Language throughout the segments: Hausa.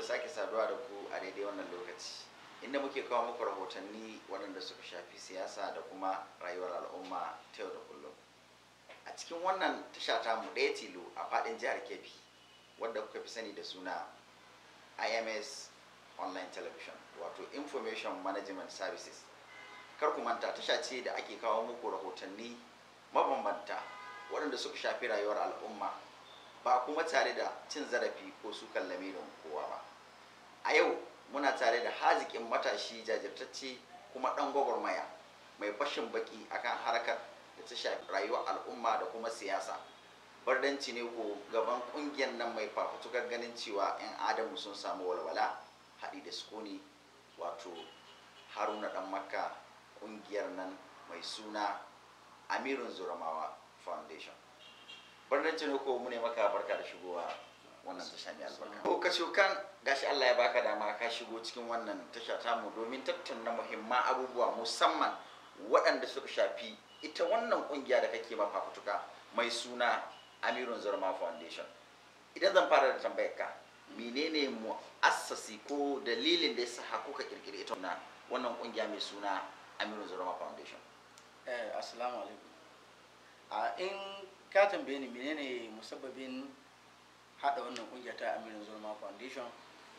da sake saduwa da ku a daidai wannan lokaci inda muke kawo muku rahotanni waɗanda suka shafi siyasa da kuma rayuwar al'umma ta yau da kullum a cikin wannan tasha ta mu ɗaya tilo a faɗin jihar kebbi wadda kuka fi sani da suna ims online television wato information management services kar ku manta tasha ce da ake kawo muku rahotanni mabambanta waɗanda suka shafi rayuwar al'umma ba kuma tare da cin zarafi ko sukan lamirin kowa ba a yau muna tare da hazikin matashi jajirtacce kuma ɗan gwagwarmaya mai fashin baki akan harkar da ta shafi rayuwar al'umma da kuma siyasa bardanci ne ko gaban kungiyar nan mai fafutukar ganin cewa 'yan adamu sun samu walwala haɗi da sukuni wato haruna dan makka kungiyar nan mai suna amirin zuramawa foundation bardanci ne ko mu maka barka da shigowa wannan tasha mai albarka ko ka kan gashi Allah ya baka dama ka shigo cikin wannan tasha mu domin tattauna muhimman abubuwa musamman waɗanda suka shafi ita wannan kungiya da kake ba fafutuka mai suna Amirun Zurma Foundation idan zan fara da tambayar ka menene assasi ko dalilin da yasa kuka kirkire ita wannan kungiya mai suna Amirun Zurma Foundation eh assalamu alaikum a ah, in ka tambaye ni menene musabbabin Hada wannan kungiya ta Aminu Zurma Foundation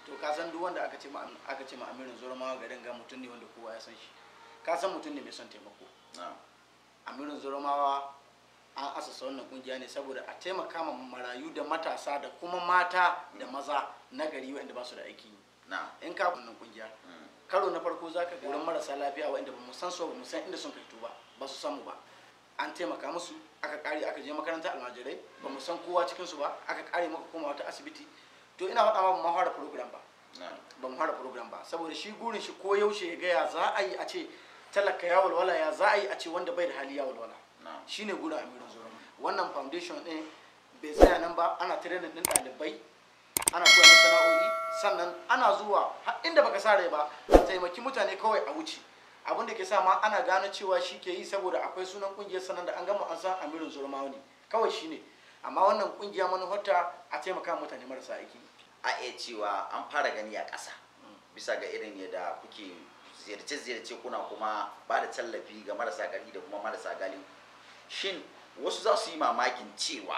to ka san duk wanda aka ce ma aka ce ma Amirin Zurma garin ga mutum ne wanda kowa ya san shi ka san mutum ne mai son taimako Amirin Zurmawa an asasa wannan kungiya ne saboda a taimaka ma marayu da matasa da kuma mata da mm. maza na gari wanda ba su da aiki in ka wannan kungiya mm. karo na farko zaka ga wurin marasa lafiya wanda ba mu san so ba mu san inda sun fito ba ba su samu ba an taimaka musu aka kare aka je makaranta almajirai ba mu san kowa cikin su ba aka kare maka koma wata asibiti to ina faɗa ba mu fara program ba ba mu fara program ba saboda shi gurin shi ko yaushe ya gaya za a yi a ce talaka ya walwala ya za a yi a ce wanda bai da hali ya walwala shine gurin amirin zuwa wannan foundation din bai tsaya nan ba ana training din ɗalibai ana koya sana'o'i sannan ana zuwa har inda baka sa rai ba taimaki mutane kawai a wuce abin da ke sa ma ana gano cewa shi ke yi saboda akwai sunan kungiyar sanar da an gama an san amirin zurmawa ne kawai shi ne amma wannan kungiya manufarta a taimaka mutane marasa aiki a iya cewa an fara gani a ƙasa bisa ga irin yadda kuke ziyarce-ziyarce kuna kuma ba da tallafi ga marasa gari da kuma marasa gali shin wasu za su yi mamakin cewa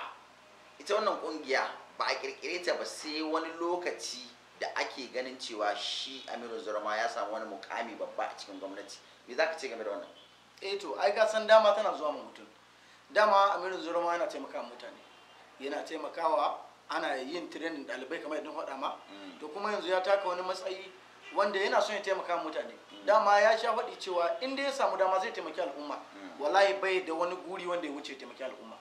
ita wannan kungiya ba a kirkire ta ba sai wani lokaci da ake ganin cewa shi Aminu Zurma ya samu wani mukami babba a cikin gwamnati me za ka ce game da wannan eh to ai ka san dama tana zuwa ma mutum dama Aminu Zurma yana taimakawa mutane yana taimakawa ana yin tirenin ɗalibai kamar yadda faɗa ma mm. to kuma yanzu ya taka wani matsayi wanda yana son ya taimaka mutane mm. dama ya sha faɗi cewa in dai ya samu dama zai taimaki al'umma mm. wallahi bai da wani guri wanda ya wuce taimaki al'umma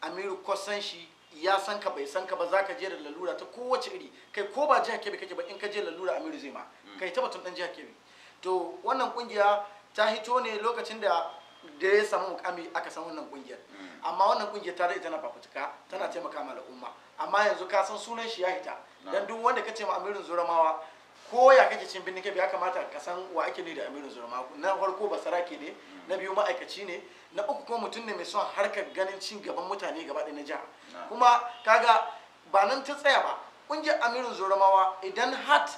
amiru kwasan shi ya san ka bai san ka ba zaka je da lalura ta kowace iri kai ko ba jiha kebe kake ba in ka je lalura amiru zai ma mm. kai ta batun dan jiha kebe to wannan kungiya ta hito ne lokacin da da ya samu mukami aka san wannan kungiyar mm. amma wannan kungiyar ta ita tana fafutuka tana taimaka ma al'umma amma yanzu ka san sunan shi ya hita dan duk wanda ka ce ma amirin zuramawa ko ya kake cin birnin kebe ya kamata ka san wa ake ne da amirin zurma na farko ba saraki ne na biyu ma'aikaci ne na uku kuma mutum ne mai son harkar ganin cin gaban mutane gaba ɗaya na jiha kuma kaga ba nan ta tsaya ba ƙungiyar amirin zurmawa idan hat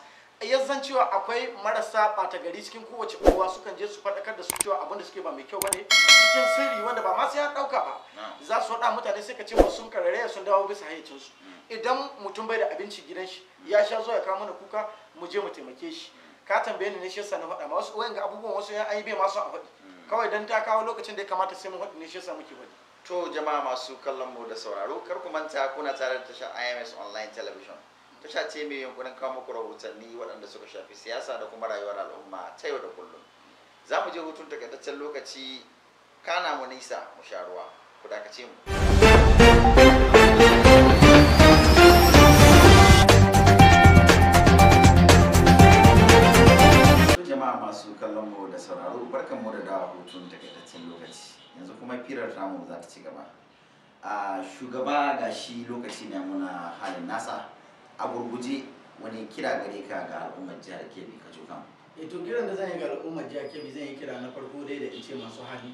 zan cewa akwai marasa bata gari cikin kowace unguwa sukan je su faɗakar da su cewa abin da suke ba mai kyau bane cikin sirri wanda ba masu sai ɗauka ba za su faɗa mutane sai ka ce ba sun karare sun dawo bisa hayyacin su mm. idan mutum bai da abinci gidan shi ya sha zuwa ya kawo mana kuka mu je mu taimake shi mm. ka tambaye ni ne shi yasa na faɗa ma wasu wayan ga abubuwan wasu yan ayi bai ma su a faɗi mm. kawai dan ta kawo lokacin da ya kamata sai mun faɗi ne shi yasa muke faɗi to jama'a masu kallon mu da sauraro kar ku manta kuna tare da tashar IMS online television tasha ce mai yunkurin kawo muku rahotanni waɗanda suka shafi siyasa da kuma rayuwar al'umma ta yau da kullum za mu je hutun takaitaccen lokaci kana mu nisa mu sha ruwa ku dakace mu jama'a masu kallon mu da sauraro barkan mu da dawa hutun takaitaccen lokaci yanzu kuma firar tamu za ta ci gaba a ah, shugaba ga shi lokaci ne muna halin nasa a gurguje wani kira gare ka ga al'ummar jihar kebbi ka cokan e eh to kiran da zan yi ga al'ummar jihar kebbi zan yi kira na farko dai da in ce masu hali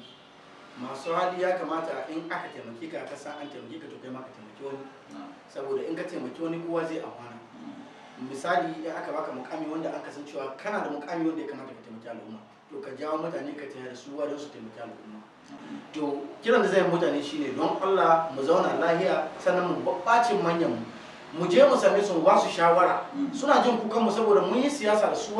masu hali ya kamata in aka taimaki ka ka san an taimaki ka to kai ma ka taimaki wani saboda in ka taimaki wani kowa zai amfana mm. misali idan aka baka mukami wanda aka san cewa kana da mukami wanda ya kamata ka taimaki al'umma to ka jawo mutane ka tayar da su don su taimaki al'umma to kiran da zan yi mutane shine don Allah mu zauna lahiya sannan mu babbacin manyan mu mu je mu same su mu ba su shawara mm. suna jin kukan mu saboda mun yi siyasa da su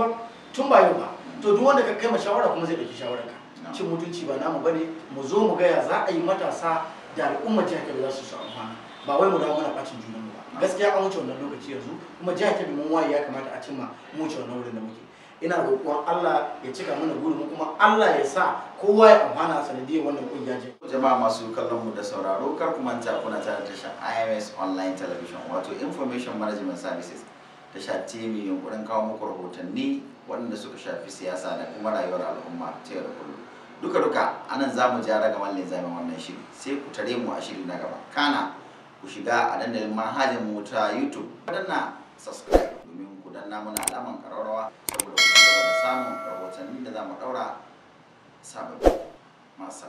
tun ba yau ba to duk wanda ka kai ma shawara kuma zai dauki shawara ka cin mutunci ba namu bane mu zo mu gaya za a yi matasa da al'umma jihar Kebbi za su su amfana ba wai mu dawo wani bacin junan ba gaskiya an wuce wannan lokaci yanzu kuma jihar Kebbi mun waye ya kamata a cimma mu wuce wannan wurin da muke ina roƙon Allah ya cika mana gurin kuma Allah ya sa kowa ya amfana sanadiyar wannan kungiya ce. jama'a masu kallon mu da sauraro kar ku manta kuna tare da shan IMS online television wato information management services da sha TV yunkurin kawo muku rahotanni waɗanda suka shafi siyasa da kuma rayuwar al'umma ta yau da kullum duka duka anan za mu ja ragaman linzamin wannan shiri sai ku tare mu a shiri na gaba kana ku shiga a dandalin manhajar mu ta YouTube ku na subscribe domin ku danna mana alaman ƙararrawa saboda samun rahotanni da za mu ɗaura sababbi masu